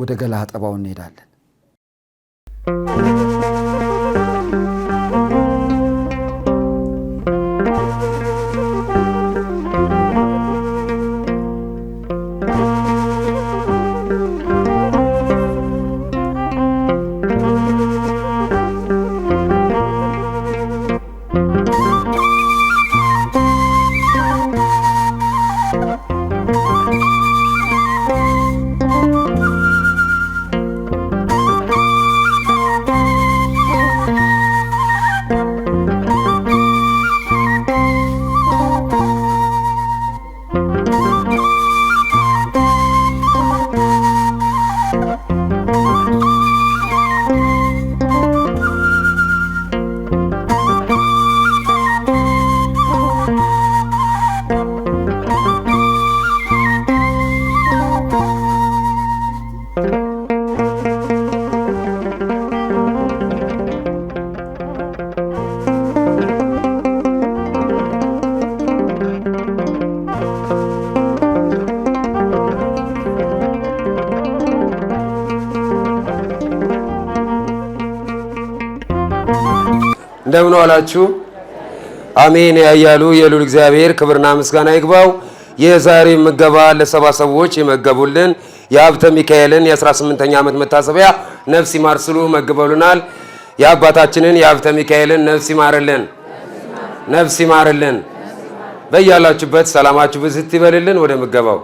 ወደ ገላ አጠባውን እንሄዳለን። እንደምን ዋላችሁ? አሜን ያያሉ የሉል እግዚአብሔር ክብርና ምስጋና ይግባው። የዛሬ ምገባ ለሰባ ሰዎች የመገቡልን የሀብተ ሚካኤልን የ18ኛ ዓመት መታሰቢያ ነፍስ ይማር ስሉ መግበሉናል። የአባታችንን የሀብተ ሚካኤልን ነፍስ ይማርልን፣ ነፍስ ይማርልን። በያላችሁበት ሰላማችሁ ብዝት ይበልልን። ወደ ምገባው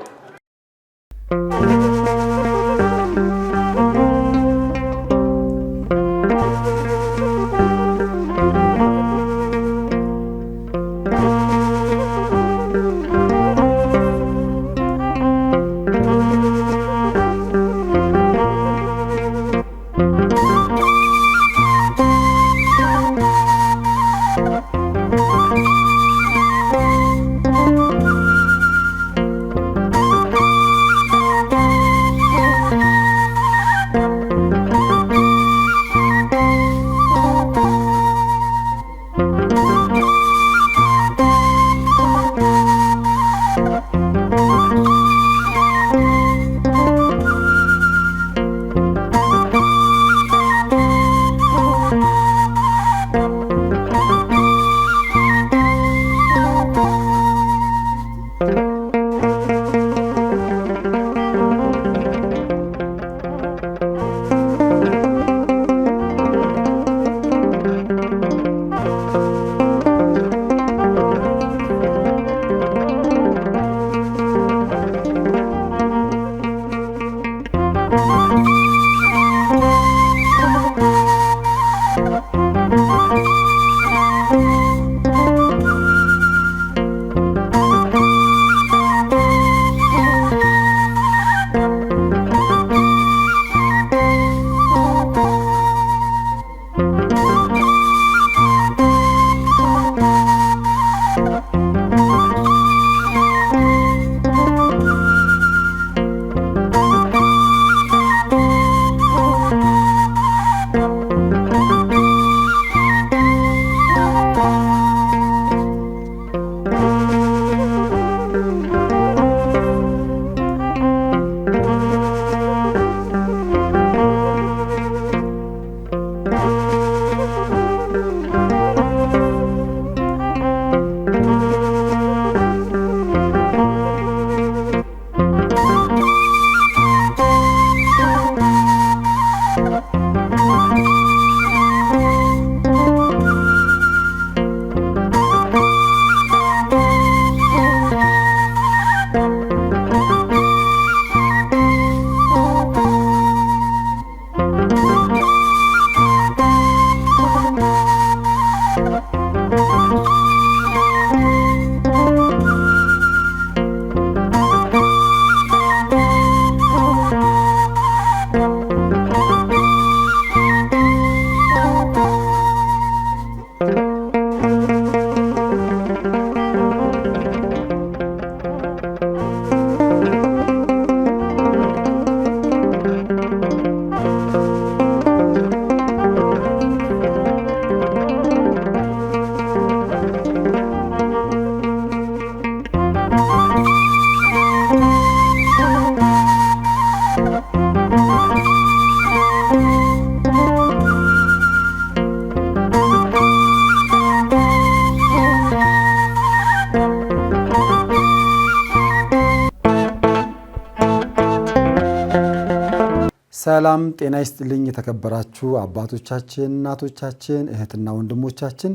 ሰላም ጤና ይስጥልኝ። የተከበራችሁ አባቶቻችን፣ እናቶቻችን፣ እህትና ወንድሞቻችን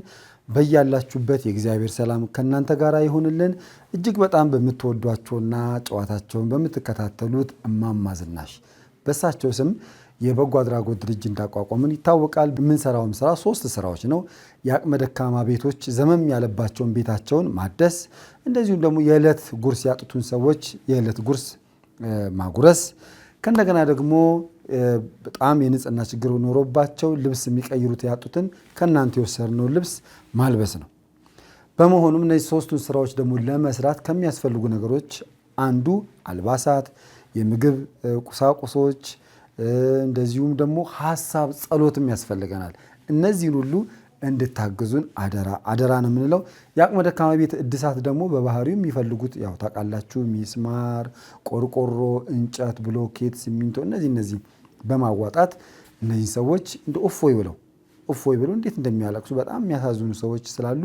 በያላችሁበት የእግዚአብሔር ሰላም ከእናንተ ጋር ይሁንልን። እጅግ በጣም በምትወዷቸውና ጨዋታቸውን በምትከታተሉት እማማ ዝናሽ በሳቸው ስም የበጎ አድራጎት ድርጅት እንዳቋቋምን ይታወቃል። የምንሰራውም ስራ ሶስት ስራዎች ነው። የአቅመ ደካማ ቤቶች ዘመም ያለባቸውን ቤታቸውን ማደስ፣ እንደዚሁም ደግሞ የዕለት ጉርስ ያጡትን ሰዎች የዕለት ጉርስ ማጉረስ ከእንደገና ደግሞ በጣም የንጽህና ችግር ኖሮባቸው ልብስ የሚቀይሩት ያጡትን ከእናንተ የወሰድነው ልብስ ማልበስ ነው። በመሆኑም እነዚህ ሶስቱን ስራዎች ደግሞ ለመስራት ከሚያስፈልጉ ነገሮች አንዱ አልባሳት፣ የምግብ ቁሳቁሶች፣ እንደዚሁም ደግሞ ሀሳብ፣ ጸሎትም ያስፈልገናል። እነዚህን ሁሉ እንድታግዙን አደራ አደራ ነው የምንለው። የአቅመ ደካማ ቤት እድሳት ደግሞ በባህሪው የሚፈልጉት ያው ታውቃላችሁ፣ ሚስማር፣ ቆርቆሮ፣ እንጨት፣ ብሎኬት፣ ሲሚንቶ እነዚህ እነዚህ በማዋጣት እነዚህ ሰዎች እንደ እፎይ ብለው እፎይ ብለው እንዴት እንደሚያለቅሱ በጣም የሚያሳዝኑ ሰዎች ስላሉ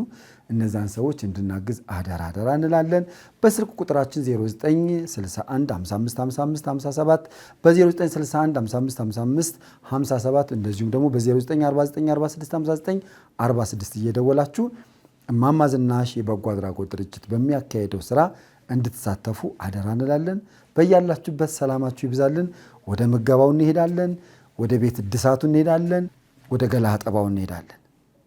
እነዛን ሰዎች እንድናግዝ አደራ አደራ እንላለን። በስልክ ቁጥራችን 0961555557 በ0961555557 እንደዚሁም ደግሞ በ0949465946 እየደወላችሁ እማማ ዝናሽ የበጎ አድራጎት ድርጅት በሚያካሄደው ስራ እንድትሳተፉ አደራ እንላለን። በያላችሁበት ሰላማችሁ ይብዛልን። ወደ ምገባው እንሄዳለን። ወደ ቤት እድሳቱ እንሄዳለን። ወደ ገላ አጠባው እንሄዳለን።